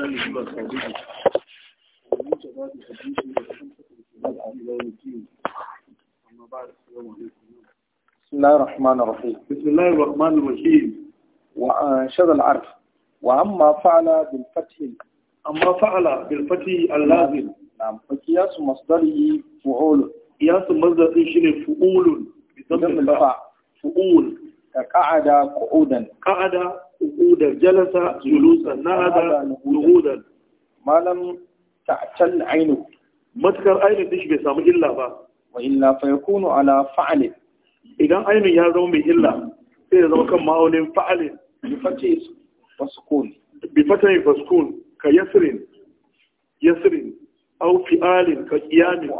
وآله وصحبه ومن شباب حديثه وخمسة اتباع إلى يوم الدين أما بعد السلام عليكم بسم الله الرحمن الرحيم بسم الله الرحمن الرحيم وأنشد العرف وأما فعل بالفتح أما فعل بالفتح اللازم نعم فقياس مصدره فعول قياس مصدره شنو فعول بضم الفاء فعول كقعد قعودا قعد juhudar jalasa julusan na'ada juhudar malam ta'tal ainu matakar ainin din shi bai samu illa ba wa illa fa yakunu ala fa'alin idan ainin ya zama mai illa sai ya zama kan fa'alin bi fate ka yasrin yasrin aw fi'alin ka qiyamin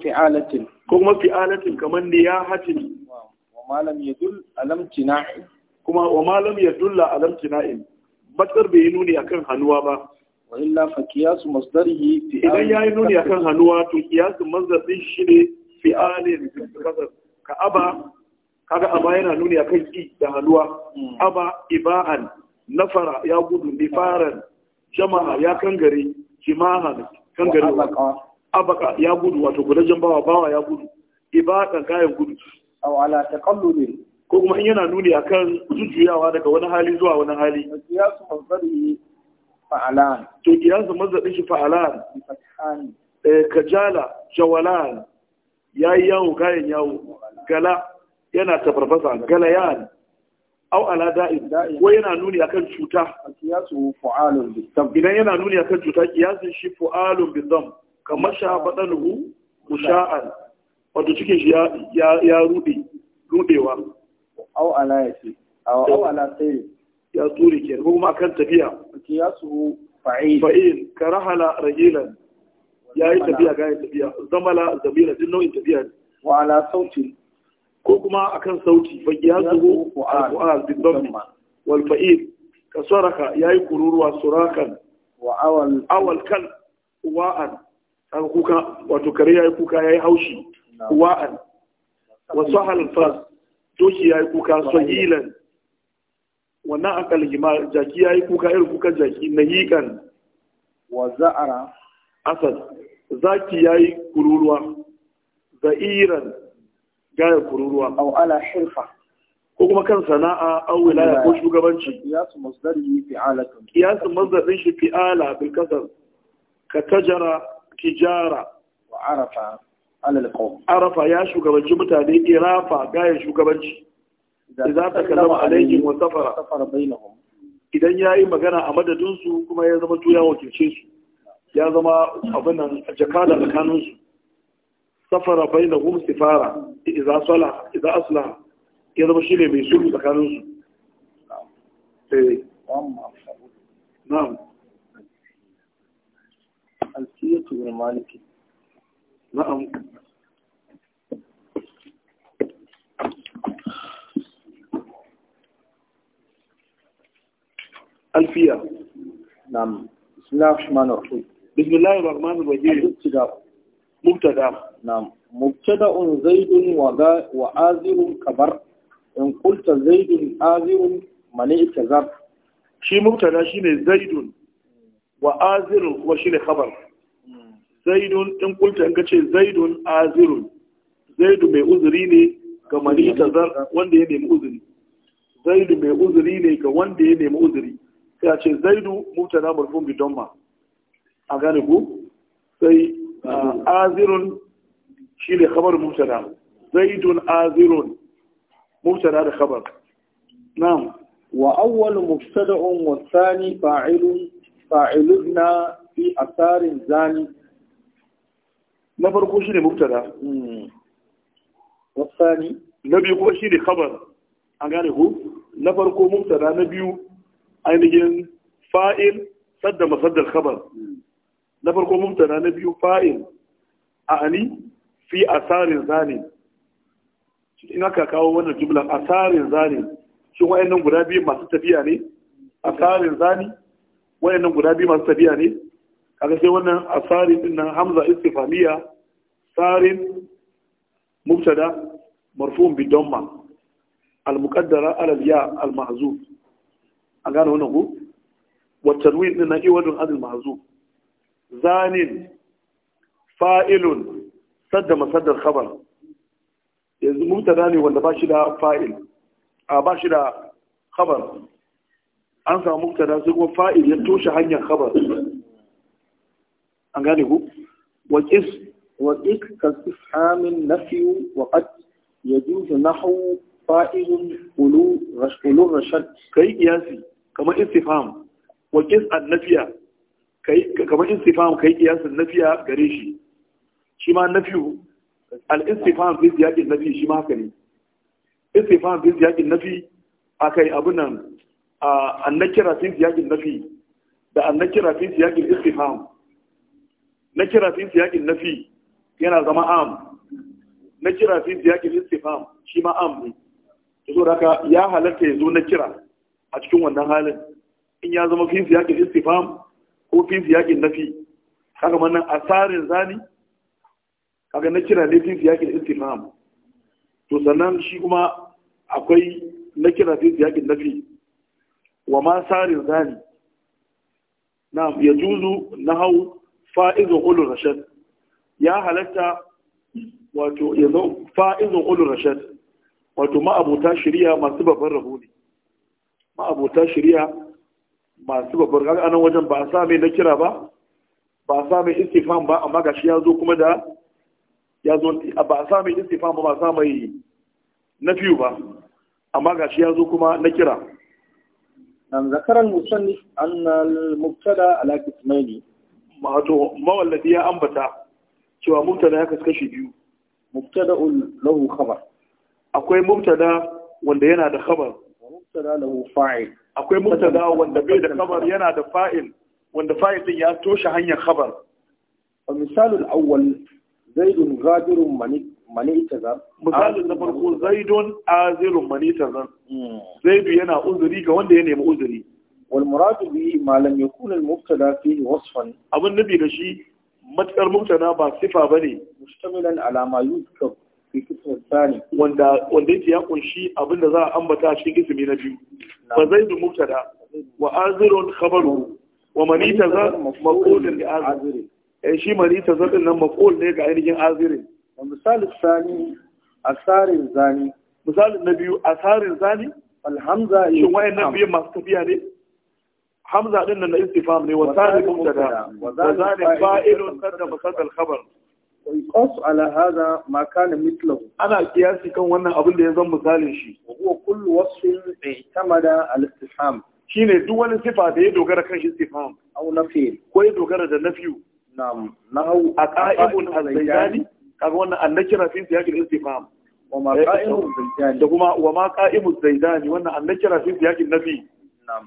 fi'alin qiyamin ne ya hatin wa malam yadul alam kuma wa malam ya dulla alam tina'in matsar bai yi nuni akan hannuwa ba wa illa fa kiyasu masdarihi fi idan yayi nuni akan hannuwa to kiyasu masdar din shi ne fi alin ka aba kaga aba yana nuni akan ki da hannuwa hmm. aba iba'an nafara ya gudu nifaran jama'a ya kangare jima'a kangare abaka ya gudu wato gudajen bawa bawa ya gudu iba'an kayan gudu aw ala taqallubin ko kuma in yana nuni akan zujuyawa daga wani hali zuwa wani hali kiyasu mazari fa'alan to kiyasu mazari shi fa'alan eh, kajala jawalan yi yawo kayan yawo gala yana Gala galayan au ala da'in ko yana nuni akan cuta kiyasu fu'alun bidam idan yana nuni akan cuta kiyasun shi fu'alun bidam kamar sha badanuhu musha'an wato cikin shi ya rude rudewa au ala ya ce au ala sai ya tsuri ke ko kuma kan tafiya kiyasu fa'il fa'il ka rahala ya yi tafiya ga tafiya zamala zabila din nau'in tafiya ne wa ala sauti ko kuma akan sauti fa kiyasu al-qur'an bi wal fa'il ka saraka yayi kururuwa surakan wa awal awal kal wa'an an kuka wato kare yayi kuka yayi haushi wa'an wa sahal fas doki ya yi kuka sahilan wannan akal himar jaki ya yi kuka irin kuka jaki na hikan wa za'ara asad zaki ya yi kururuwa za'iran gaya kururuwa au ala hirfa ko kuma kan sana'a au wilaya ko shugabanci qiyasu masdari kiyasu qiyasu masdarin shi fi'ala bil kasar ka tajara tijara wa arafa arafa ya shugabanci mutane irafa gaya shugabanci idan ta kallama alaihim wa safara safara bainahum magana a madadinsu kuma ya zama tuya wakilce su ya zama abin nan jakada tsakaninsu, su safara bainahum sifara idza fara. Iza asla ya zama ne mai sulhu tsakaninsu. Eh. na'am alfiyatu wal maliki na'am alfiya na'am bismillahir rahmanir rahim bismillahir rahmanir rahim mubtada Muktada un zaidun wa wa azirun kabar in kulta zaidun azirun malaika zar shi mubtada shine zaidun wa azirun kuma shine kabar zaidun in kulta in ce zaidun azirun zaidu mai uzuri ne ga malaika zar wanda ya nemi uzuri zaidu mai uzuri ne ga wanda ya nemi uzuri ya ce zaidu mubtada marfun bi a gane ku sai azirun shi ne khabar mubtada zaidun azirun mubtada da khabar na'am wa awwal mubtada'un wa thani fa'ilun fa'iluna fi asarin zani na farko shine mubtada hmm. wa thani na biyu kuma shine khabar an gane ku na farko mubtada na biyu ainihin fa'il sadda masaddar khabar na farko mumtana na biyu fa'il a ani fi asarin zane in aka kawo wannan a asarin zane shin wayannan guda biyu masu tafiya ne asarin zani wayannan guda biyu masu tafiya ne a sai wannan asarin din nan hamza istifamiya sarin mubtada marfu'un bi al muqaddara ala al ya al mahzuz an gane wannan ku wacce ruwin din na iwadun azil mazu zanin fa'ilun sadda masaddar khabar yanzu mubtada ne wanda ba shi da fa'il a ba shi da khabar an samu mubtada sai kuma fa'il ya toshe hanyar khabar an gane ku wa qis wa ik kasifhamin nafi wa qad na hau fa'ilun ulu rashul rashad kai iyasi. kamar istifam wa qis'an nafiya kai kamar istifam kai qiyasin nafiya gare shi shi ma nafiyu al istifam bi ziyadi nafi shi ma haka ne istifam fi siyaqin nafi akai abun nan annakira fi ziyadi nafi da annakira fi ziyadi istifam nakira fi ziyadi nafi yana zama am nakira fi ziyadi istifam shi ma am ne to haka ya halatta yazo nakira a cikin wannan halin in ya zama fi siyakin istifam ko fi siyakin nafi kaga wannan asarin zani kaga na kira ne fi siyakin istifam to sannan shi kuma akwai na kira fi siyakin nafi wa ma sarin zani na ya juzu na hau fa'izun ulul rashad ya halatta wato ya zama fa'izun ulul rashad wato ma ma'abuta shirya masu babban rahoni. ma'abota shari'a masu babbar kaga anan wajen ba a sa na kira ba ba a sa istifan ba amma shi ya zo kuma da ya zo ba a sami istifan ba ba a sami na fiye ba amma shi ya zo kuma na kira an zakaran musannif annal mubtada ala ne wato mawallafi ya ambata cewa muktada ya kaskashi biyu ul lahu khabar akwai muktada wanda yana da khabar mubtada lahu fa'il akwai mubtada wanda bai da khabar yana da fa'il wanda fa'il din ya toshe hanyar khabar A al-awwal zaidun ghadirun mani tazar misal na farko zaidun azirun mani tazar hmm. zaidu yana uzuri ga wanda ya nemi uzuri wal muradu bi ma lam yakun al mubtada fihi wasfan abin nabi da shi matsar mubtada ba sifa bane mustamilan ala ma yuzkar wanda wanda ya kunshi abin da za a ambata a cikin ismi na biyu fa zaidu wa azirun khabaru wa manita za maqulun li azir eh shi manita za din nan ne ga ainihin azirin misali na biyu asarin zani alhamza shin wayannan biyu masu tafiya ne hamza din nan na ne wa zani ويقاس على هذا ما كان مثله أنا قياسي كان وانا أبن دي يزم مثالي شي وهو كل وصف اعتمد على الاستفهام شيني دول صفة دي دوغر كان شي استفهام أو نفي كوي دوغر ده نفيو نعم نهو أقائم الزيداني كان وانا النكرة في سياق الاستفهام وما قائم الزيداني دقما وما قائم الزيداني وانا النكرة في سياق النفي نعم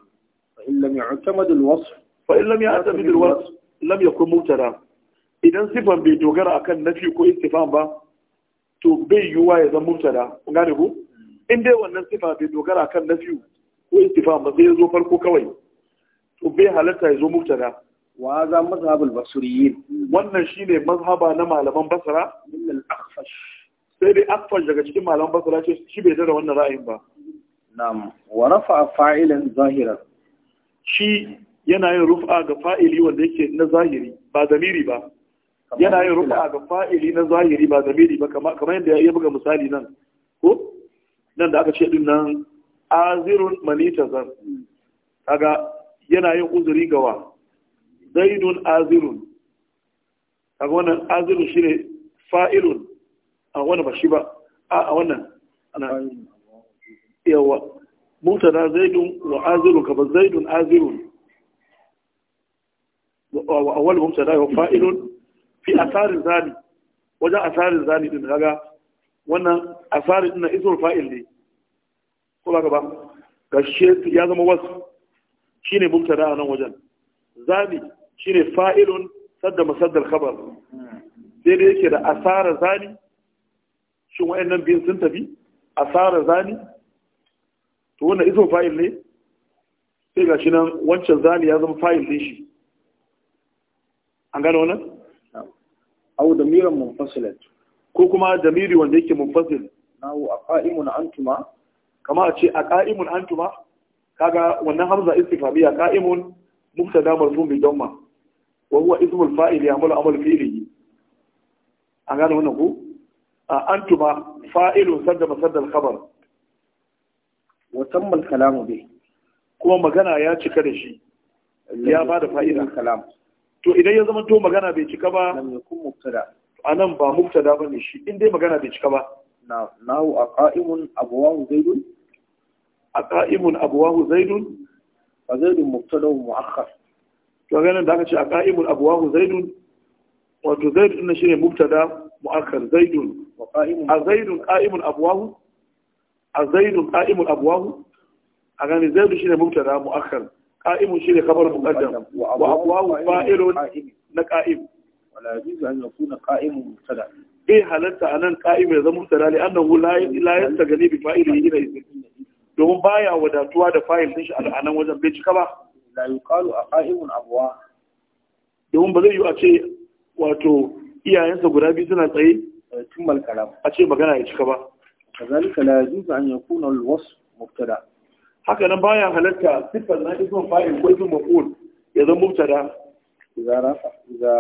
فإن لم يعتمد الوصف فإن لم يعتمد الوصف لم يكن مبتدا idan sifan bai dogara akan nafi ko istifan ba to bai yiwuwa ya zama mubtada kun gane ku in dai wannan sifa bai dogara akan nafi ko istifan ba sai ya zo farko kawai to bai halatta ya zo mubtada wa za mazhabul basriyin wannan shine mazhaba na malaman basra illal akhfash sai dai akhfash daga cikin malaman basra ce shi bai da wannan ra'ayin ba na'am wa a fa'ilan zahira shi yana yin rufa ga fa'ili wanda yake na zahiri ba zamiri ba yana yin rufa ga fa'ili na zahiri ba zamiri ba kamar yadda ya buga misali nan ko nan da aka ce din nan azirun zan kaga yana yin uzuri gawa zaidun azirun kaga wannan azirun shine fa'ilun a wannan ba shi ba a wannan ana yawa mutana zaidun wa azirun ka ba zaidun azirun a wani mubtada wa fa'ilun fi asarin zani wajen asarin zani din kaga wannan asarin din na isul fa'il ne ko ba ba gashe ya zama wasu shine mubtada a nan wajen zani shine fa'ilun sadda masaddar khabar sai dai yake da asara zani shin wayannan biyun sun tafi asara zani to wannan isul fa'il ne sai gashi nan wancan zani ya zama fa'il din shi an gano wannan aw damiran munfasilan ko kuma damiri wanda yake munfasil nahu aqaimun antuma kama a ce aqaimun antuma kaga wannan hamza istifhamiya qa'imun mubtada marfun bi damma wa huwa ismul fa'il ya'malu amal fi'lihi an gane wannan ku antuma fa'ilun sadda masaddal khabar wa tammal kalamu bi kuma magana ya cika da shi ya bada fa'ida kalam to idan ya zama to magana bai cika ba ya kun muktada anan ba muktada bane shi in dai magana bai cika ba na nahu aqaimun abwahu zaidun aqaimun abwahu zaidun fa zaidun mubtada muakhar to ganin da aka ce aqaimun abwahu zaidun wato zaid din shine muktada muakhar zaidun wa qaimun azaidun qaimun abwahu azaidun qaimun abwahu a gane zaidun shine muktada muakhar قائم شيء خبر مقدم وأقواه فائل نقائم ولا يجوز أن يكون قائم مبتدأ halarta a nan ƙa'im ya zama mutala ne annan la yasta gani bi fa'il yi da izini domin baya wadatuwa da fa'il din shi a nan wajen bai cika ba la yuqalu a qa'imun abwa domin ba zai yi a ce wato iyayensa guda biyu suna tsaye tun malkaram a ce magana ya cika ba kazalika la yajuzu an yakuna al-wasf mubtada haka nan baya halatta sifar na isman fa'il ko isman maf'ul ya zama mubtada idza rafa idza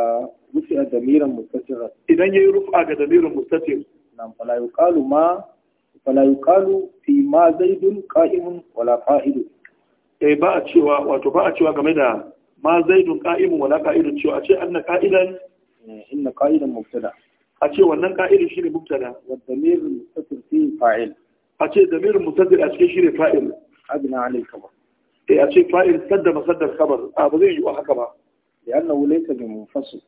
rufi'a damiran mustatir idan yayi rufa ga damiran mustatir nan fala yuqalu ma fala yuqalu fi ma zaidun qa'imun wala qa'idun eh ba a cewa wato ba a cewa game da ma zaidun qa'imun wala qa'idun cewa a ce anna qa'idan eh, inna qa'idan mubtada a ce wannan qa'idun shine mubtada wa damirun mustatir fi fa'il a ce damirun mustatir a cikin shine fa'il أدنى عن الخبر إيه أشيء فائل سد مسد الخبر أبغي آه، يجوا لأنه ليس بمنفصل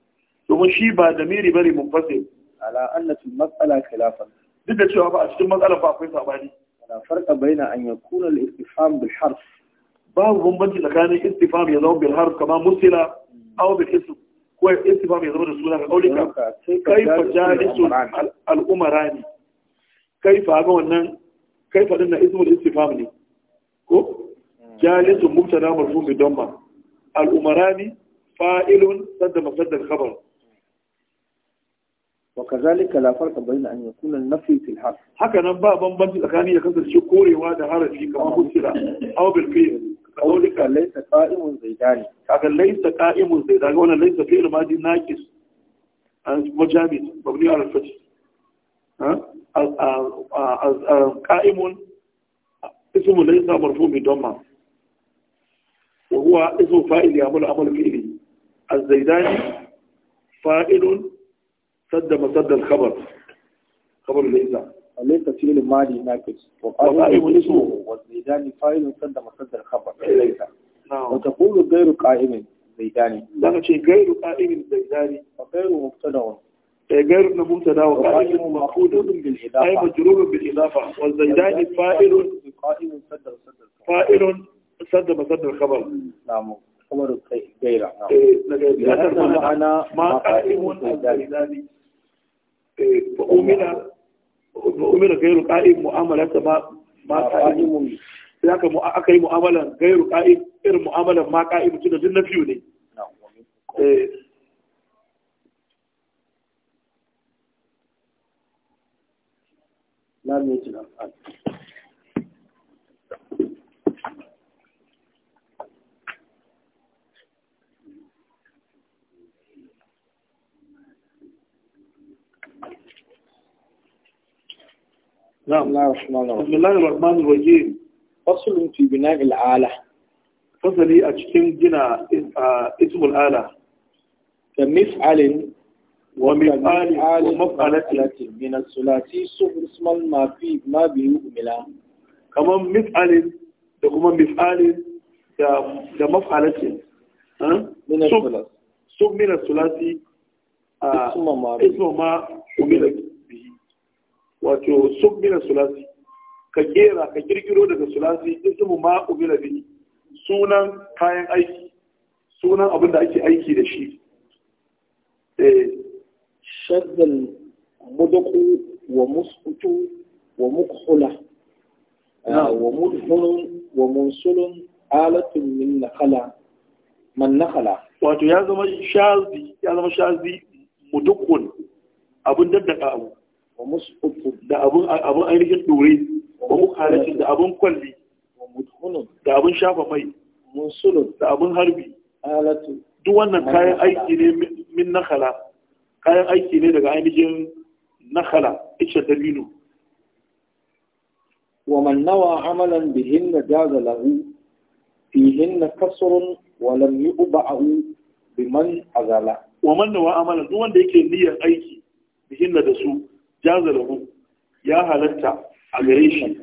ثم شيء بعد ميري بري منفصل على أن في المسألة خلافا ضد شو أبغى أشتري المسألة فاقوي صعباني لا فرق بين أن يكون الاستفهام بالحرف بعض بمبنج إذا كان الاستفهام يضم بالحرف كما مثلا أو بالاسم كيف الاستفهام يضم رسولنا قولك كيف جالس الأمراني كيف هذا كيف أن اسم الاستفهام لي ko jalis mubtada marfu bi damma al umarani fa'ilun وكذلك لا فرق بين ان يكون النفي في الحرف حكى نبا بن بن الاخاني يكسر شيء كوري وهذا حرف في كما قلت لك او بالقيل قولك ليس قائم زيداني حكى ليس قائم زيداني هنا ليس فعل ماضي ناقص ان مجابس مبني على الفتح ها قائم اسم ليس مرفوع بضمة وهو اسم فاعل يعمل عمل فعلي الزيداني فاعل سد مسد الخبر خبر ليس ليس فعل ماضي ناقص وقائم اسمه والزيداني فاعل سد مسد الخبر ليس نعم. وتقول غير قائم زيداني لا شيء غير قائم زيداني وغير مبتدا غير مبتدا قائم ومعقود بالاضافه اي مجرور بالاضافه والزيدان فاعل قائم صدر صدر فاعل صدر مصدر الخبر نعم خبر غير نعم انا ما قائم الزيدان فأمر فأمر غير قائم معاملة ما ما قائم ذاك aka yi غير قائم غير irin ما قائم ka'im tunda duk na لم يجد أفعال نعم بسم الله الرحمن الرحيم فصل في بناء الآلة فصلي أجتم جنا اسم الآلة كمفعل ومن آل ومفعلة من الثلاثي صفر اسما ما في ما بيؤملا كما مفعل دكما مفعل da mafalatin sun mina sulasi a ma umila bihi wato sun mina sulasi ka kera ka kirkiro daga sulasi isma ma umila bihi sunan kayan aiki sunan abin da ake aiki da shi shaddal المدق wa ومكحلة wa mukhula wa mudhunun wa munsulun alatun wato ya zama shazi ya zama shazi mudukun abun daddaka abu wa da abun abun ainihin dore wa mukhalatin da abun kwalli wa mudhunun da abun shafa mai da abun harbi duk wannan kayan aiki ne min kayan aiki ne daga ainihin nakhala da binu wa man nawa amalan bihin da jaza lahu fihin na kasurun wa lam yu'ba'u biman azala wa man nawa amalan duk wanda yake niyyar aiki bihin da su jaza lahu ya halatta a gare shi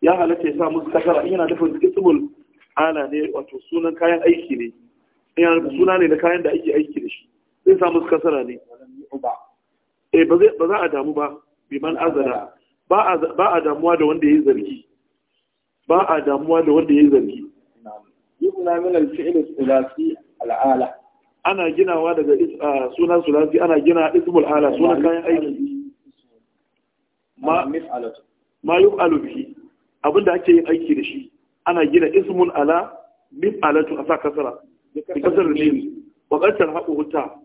ya halatta ya sa musu kasara yana dafa ismul ala ne wato sunan kayan aiki ne yana suna ne na kayan da ake aiki da shi zai sa musu kasara ne eh ba za a damu ba biman azara ba a damuwa da wanda ya zargi ba a damuwa da wanda ya yi zargi yubna min al-fi'l thulathi al-ala ana ginawa daga sunan thulathi ana gina ismul ala sunan kayan aiki ma ma yuf'alu bihi abinda ake yin aiki da shi ana gina ismul ala a sa kasara bi kasar ne wa qad tarhaquhu ta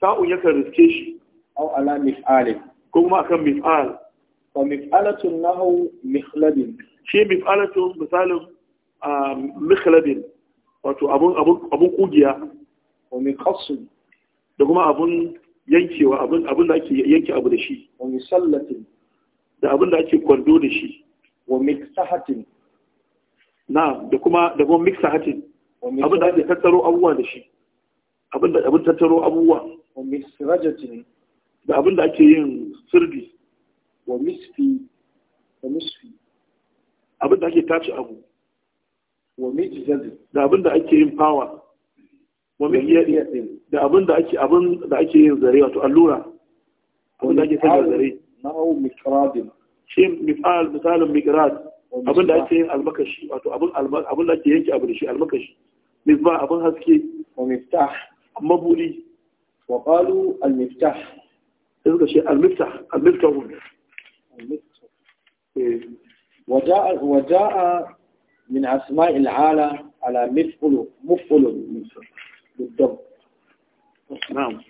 sa'un yakan riske shi Au ala mif'alin ko kuma akan mif'al fa mif'alatun nahu mikhladin. shi mif'alatun misalin mikhladin. wato abun abun kugiya wa miqassin da kuma abun yankewa abun abun da ake yanke abu da shi wa misallatin da abun da ake kwando da shi wa miksahatin na da kuma da kuma miksahatin abin da ake tattaro abubuwa da shi abin da abin tattaro abubuwa da abin da ake yin sirri. wa misfi wa misfi abin da ake tace abu wa da abin da ake yin fawa wa da abin da ake abin da ake yin zare wato allura abin da ake sanya zare mikradin shi mifal misalin mikrad abin da ake yin almakashi wato abin da ake yanke abu da shi almakashi Mifba abin haske wa miftah وقالوا المفتاح تلك شيء المفتاح المفتاح إيه. وجاء وجاء من أسماء العالى على مفعل مفعل بالضبط نعم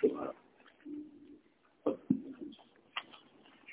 شو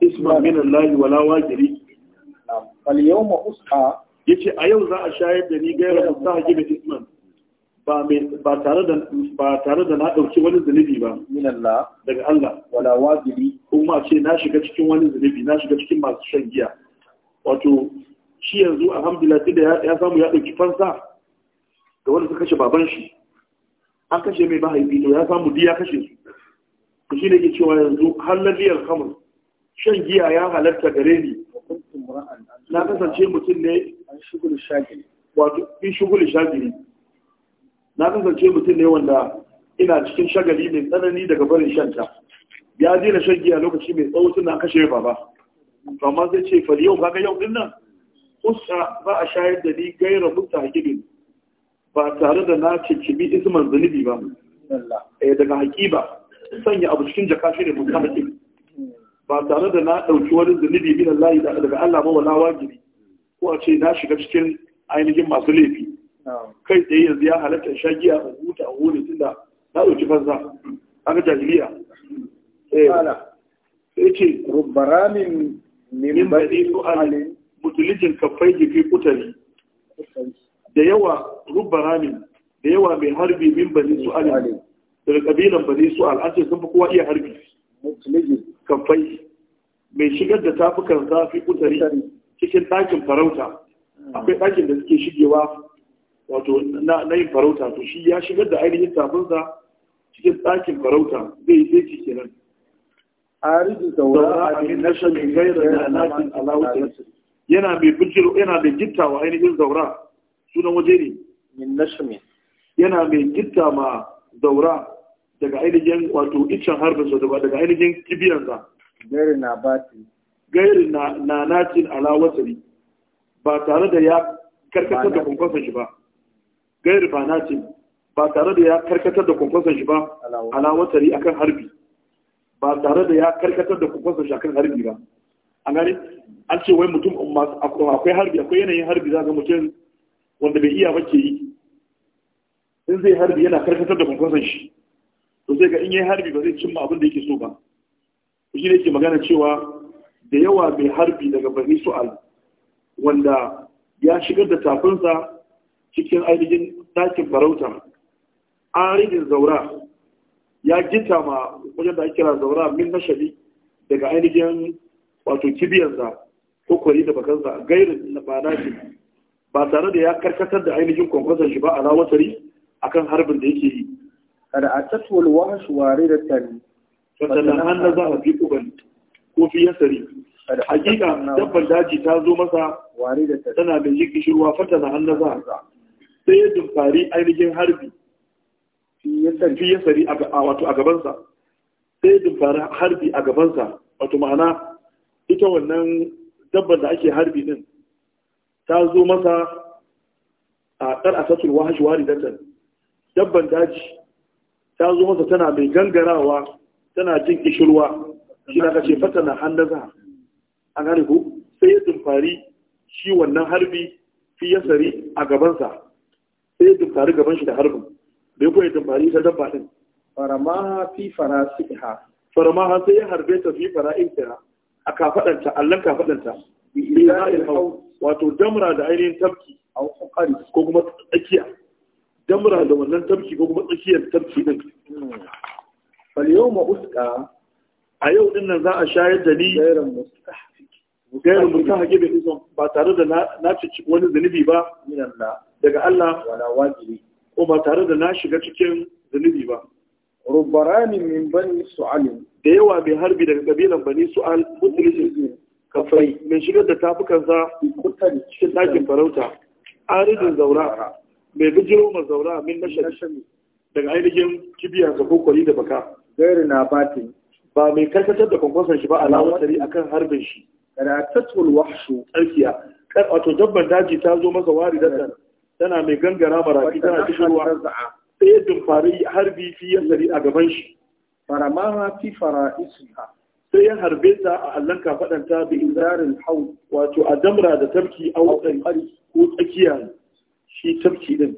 isma min Allah wala wajiri fal yawma usha yace a yau za a shayar da ni gairar mustahaji da isman ba tare da ba tare da na dauki wani zunubi ba min Allah daga Allah wala wajiri kuma ce na shiga cikin wani zunubi na shiga cikin masu shan giya wato shi yanzu alhamdulillah tunda ya samu ya dauki fansa da wanda suka kashe baban shi an kashe mai bahaifi to ya samu diya kashe su shi ne ke cewa yanzu halaliyar kamar shan giya ya halarta gare ni na kasance mutum ne wato in shugul shagiri na kasance mutum ne wanda ina cikin shagali mai tsanani daga barin shanta ya je na shan giya lokaci mai tsawo tun kashe baba amma zai ce fari yau kaga yau din nan ba a shayar da ni gaira mutta hakibin ba tare da na cikibi isman zunubi ba eh, daga Hakiba. sanya abu cikin jaka shi ne mutta ba tare da na ɗauki wani zunubi min Allah daga Allah ba wala wajibi ko a ce na shiga cikin ainihin masu laifi kai tsaye yanzu ya halatta sha giya a huta a wuri tunda na ɗauki fansa ga jahiliya eh. sai ce rubaramin min baɗi su'alin mutulijin kafai jifi kutari da yawa rubaramin, da yawa mai harbi min su su'alin daga ƙabilan bani su'al an ce sun fi kowa iya harbi kafai mai shigar da tafukan zafi kutari cikin ɗakin farauta akwai ɗakin da suke shigewa wato na yin farauta to shi ya shigar da ainihin tafinsa cikin ɗakin farauta zai zai ci kenan aridu saura amin nashan min gairar da alatin alawuta yana mai bijiro yana mai gittawa ainihin zaura sunan waje ne min yana mai gitta ma zaura daga ainihin wato iccen harbinsa daga ainihin kibiyan kibiyansa gairi na bati gairi na natin alawasari ba tare da ya karkatar da kwankwasan shi ba gairi ba natin ba tare da ya karkatar da kwankwasan shi ba alawasari akan harbi ba tare da ya karkatar da kwankwasan shi akan harbi ba an gani an ce wai mutum akwai harbi akwai yanayin harbi za ga mutum wanda bai iya ba ke yi in zai harbi yana karkatar da kwankwasan shi to sai ga in yi harbi ba zai cimma abin da yake so ba shi ne ke magana cewa da yawa mai harbi daga bani su'al wanda ya shigar da tafinsa cikin ainihin ɗakin farauta aridin zaura ya gita ma wajen da ake kira zaura min nashali daga ainihin wato kibiyarsa ko kwari da bakansa gairin na ba ba tare da ya karkatar da ainihin kwamfasar shi ba a lawatari akan harbin da yake yi قد أتته الوحش واردة فتنهن ذهب في قبل وفي يسري حقيقة دبا داجي تازو مسا واردة تنا بيجيك شروع فتنهن ذهب سيد فاري أين harbi. fi yasari wato a gabansa sai dumfari harbi a gabansa wato ma'ana ita wannan dabbar da ake harbi din ta zo masa a ɗar a sassur wahashi wari dabban daji ta zo masa tana mai gangarawa tana jin kishirwa shi na kashe fata na handaza an gane ku sai ya dumfari shi wannan harbi fi sari a gabansa sai ya dumfari gaban shi da harbin bai kuwa ya dumfari ta dabba din farama fi farasiha faramaha sai ya harbe ta fi fara'inta a kafadanta allan kafadanta bi ila'il wato damra da ainihin tafki ko kuma tsakiya damra da wannan tafki ko kuma tsakiyar tafki din fal yawma usqa a yau din nan za a shayar da ni gairan mustahfiq gairan mustahfiq bai iso ba tare da na cici wani zunubi ba daga Allah wala wajibi ko ba tare da na shiga cikin zunubi ba rubbarani min bani su'al da yawa mai harbi daga kabilan bani su'al musulmi kafai mai shigar da tafukansa cikin ɗakin farauta aridin zaura mai bijiro mazaura min nashami daga ainihin kibiya ga kokoli da baka gairi na batin ba mai karkatar da kwankwasan shi ba a alamar a kan harbin shi kada tatwal tsarkiya wato dabban daji ta zo masa wari da tana mai gangara maraki tana kishirwa sai ya dumfari harbi fi yasari a gaban shi faramaha fi fara'isiha sai ya harbe ta a hallon kafaɗanta bi izarin hau wato a damra da tafki a ƙari ko tsakiya shi tafki din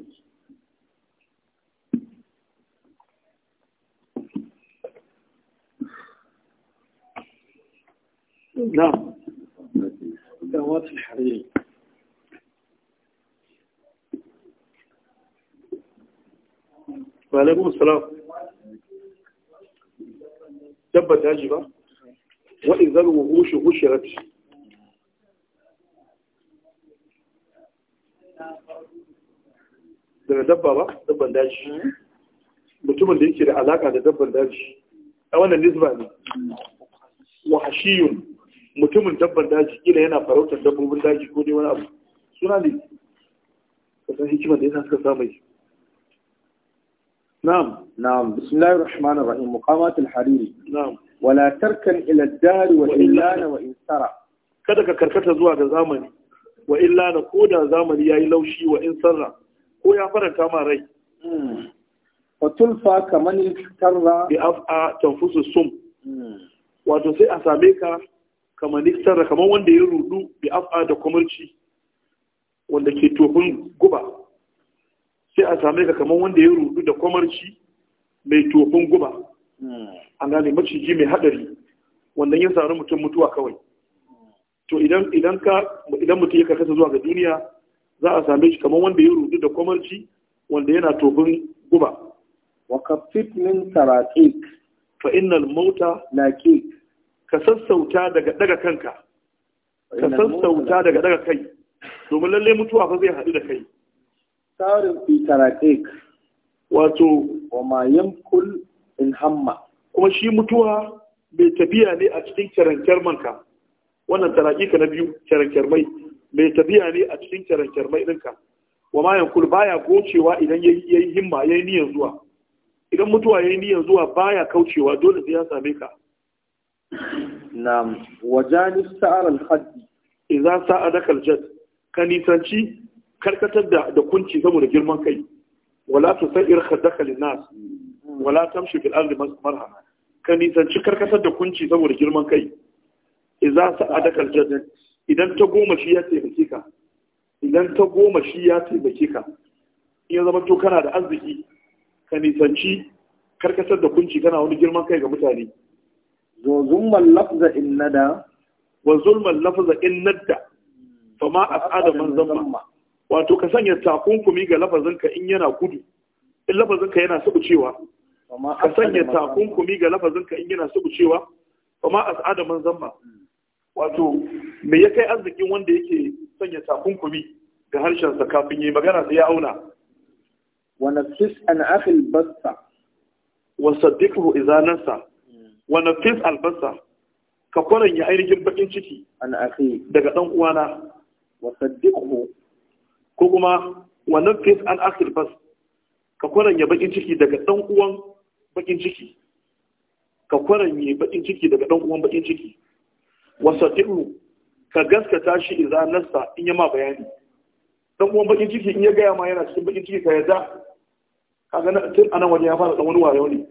نعم ذوات الحرير وعليكم السلام تبت أجبة وإذا الوغوش غشرت dabba ba dabban daji mutumin da yake da alaka da dabban daji a wannan nisba ne wahashiyun mutumin dabban daji kila yana farautar dabbobin daji ko dai wani abu suna ne kasan hikimar da yasa suka samu نعم نعم بسم الله الرحمن الرحيم مقامات الحريري نعم ولا تركن الى الدار وإلان وإن سرى kada ka karkata zuwa ga zamani wa illa na koda zamani yayi laushi wa in ko ya faranta ma rai wa tulfa kamar tarra bi af'a tanfusu sum wato sai a same ka kamar tarra kamar wanda ya rudu bi af'a da kwamarci wanda ke tofin guba sai a same ka kamar wanda ya rudu da kwamarci mai tofin guba an gane maciji mai hadari wannan ya sami mutum mutuwa kawai to idan mutum ya karkata zuwa ga duniya za a same shi kamar wanda ya rudu da kwamarci wanda yana tofin guba wa kafif min saraqiq fa innal mauta laqiq ka sassauta daga daga kanka ka sassauta daga daga kai domin lalle mutuwa fa zai haɗu da kai sarin fi saraqiq wato wa ma yamkul in hamma kuma shi mutuwa mai tafiya ne a cikin kyarankyar manka wannan saraqiq na biyu kyarankyar mai mai tafiya ne a cikin mai ɗinka wa ma yankul baya gocewa idan ya yi himma ya yi niyan zuwa idan mutuwa ya yi niyan zuwa baya kaucewa dole sai ya same ka na'am wajani sa'ar alhaji Iza sa'a sa'adaka al ka nisanci karkatar da da kunci saboda girman kai wala su sai irka lin-nas wala tamshi fil ardi marha ka nisanci karkatar da kunci saboda girman kai idan sa'a da jad idan ta goma shi ya taimake ka idan ta goma shi ya taimake ka in ya zama to kana da arziki ka nisanci karkasar da kunci kana wani girman kai ga mutane wa zulman lafza in nada wa zulman lafza in nada fa ma as'ada man zamma wato ka sanya takunkumi ga lafazinka in yana gudu in lafazinka yana cewa? ka sanya takunkumi ga lafazinka in yana cewa? fa ma as'ada man zamma wato me ya kai arzikin wanda yake sanya takunkumi ga harshensa kafin yi magana sai ya auna wa nafis an akhil basta wa saddiqhu izanansa wa nafis albasa ka kwaran ya ainihin bakin ciki an akhi daga dan uwana wa saddiqhu ko kuma wa nafis an akhil bas ka kwaran ya bakin ciki daga dan uwan bakin ciki ka kwaran ya bakin ciki daga dan uwan bakin ciki wasaddiqu ka gaskata shi idan nasta in yi ma bayani dan uwan bakin ciki in ya gaya ma yana cikin bakin ciki ka yarda kaga na tun anan waje ya fara dan wani wayo ne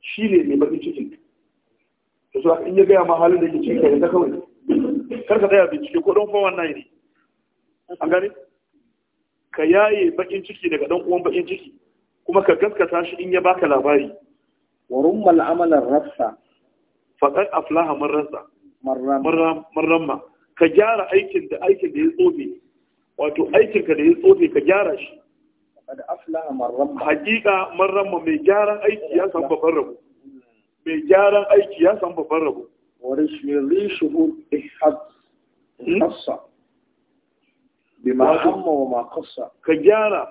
shi ne mai bakin ciki to so in ya gaya ma halin da yake ciki ka yarda kawai kar ka tsaya bincike ko dan fawan nayi ne an gane ka yaye bakin ciki daga dan uwan bakin ciki kuma ka gaskata shi in ya baka labari wa rummal amalan rafsa faqad aflaha man rasa marramma ka gyara aikin da aikin da ya tsofe wato aikin ka da ya tsofe ka gyara shi hakika marramma mai gyaran aiki ya san babban rabo hmm. mai gyaran aiki ya san babban rabo wa rishu ihad hmm? nasa bi ma'amma wa ma ka gyara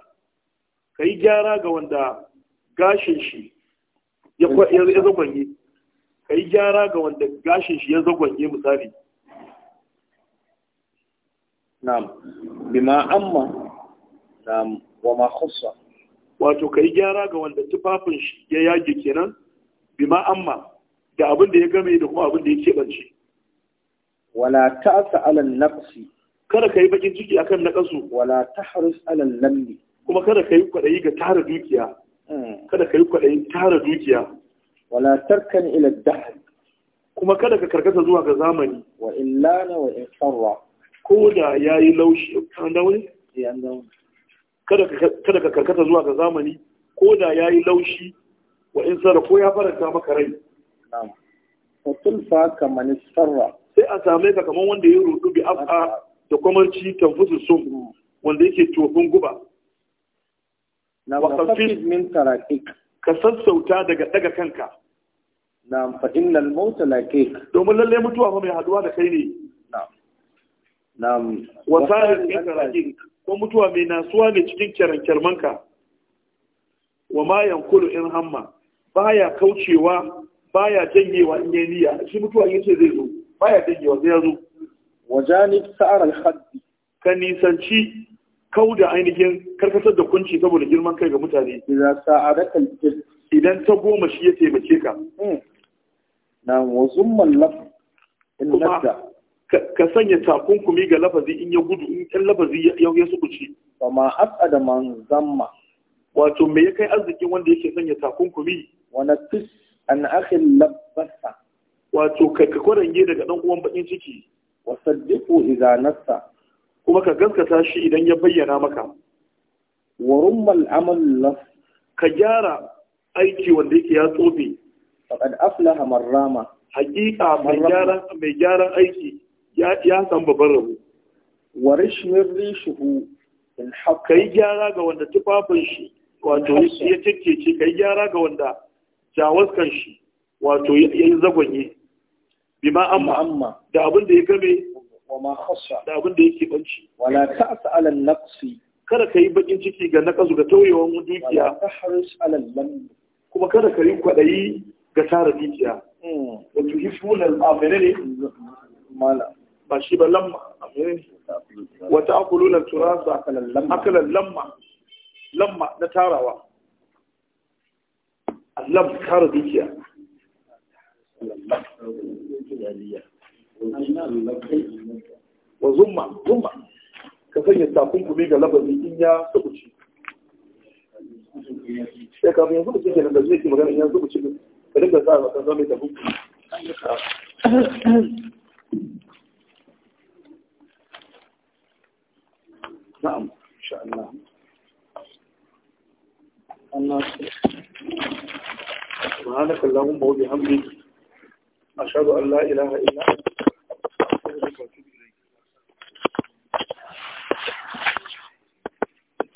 ka yi gyara ga wanda gashin shi ya zagonye ka yi gyara ga wanda gashin shi ya zagwanye misali na'am bima amma na wa ma wato ka yi gyara ga wanda tufafin shi ya yage kenan bima amma da abin da ya game da kuma abin da ya keɓance wala ta'sa ala nafsi kada ka yi bakin ciki akan naqasu wala ta haris ala lamni kuma kada ka yi kwaɗayi ga tara dukiya hmm. kada ka yi kwaɗayin tara dukiya wala tarkan ila dahr kuma kada ka karkata zuwa ga zamani wa illa na, wa in sarra ko da yayi laushi an da wani kada ka kada ka karkata zuwa ga zamani ko da yayi laushi wa in sarra ko ya faranta maka rai na'am fa tulfa kaman sarra sai a same ka kaman wanda ya rudu bi af'a da kwamarci tanfusu sun wanda yake tofin guba na wakafin min taratik ka sassauta daga daga kanka na'am fa innal mauta laqiq domin lalle mutuwa fa mai haduwa da kai ne na'am na'am wa sa'ir laqiq ko mutuwa mai nasuwa ne cikin kyarankyarmanka wa ma yankulu in hamma baya kaucewa baya janyewa in yayi niyya shi mutuwa yace zai zo baya janyewa zai zo janib sa'ar al-hadd ka nisanci Kau da ainihin karkatar da kunci saboda girman kai ga mutane idan ta goma shi ya taimake ka hmm. na wazumman laf in ladda ka sanya takunkumi ga lafazi in ya gudu in ɗan lafazi ya ya sukuci ba ma da man zamma wato me ya kai arzikin wanda yake sanya takunkumi wani tis an akhin labbasa wato ka kwarange daga ɗan uwan bakin ciki wa saddiqu izanarsa kuma ka gaskata shi idan ya bayyana maka Warin rummal laf ka gyara aiki wanda yake ya tsobe faqad aflaha marrama hakika mai gyaran mai gyaran aiki ya ya san babban rabo wa rishmir rishuhu in Ka yi gyara ga wanda tufafin shi wato ya ka kai gyara ga wanda jawaskan shi wato ya yi zagonye bima amma da abin da ya game da abin da ya banci wala ta'asa ala naqsi kada ka yi bakin ciki ga naqasu ga tauyewan dukiya wala tahris ala lam kuma kada ka yi kwaɗayi ga tara dukiya hmm. wato hifunan amene ne mala ba shi ba lamma amene ne wata akuluna turasa akalan lamma lamma na tarawa allam tara dukiya wa zumma zumma ka sanya takunkumi ga lafazi in ya sabuci sai kafin yanzu mutum ke da zai ke magana in ya sabuci ka dinga sa a san zama da buku سبحانك اللهم وبحمدك أشهد أن لا إله إلا أنت أستغفرك وأتوب إليك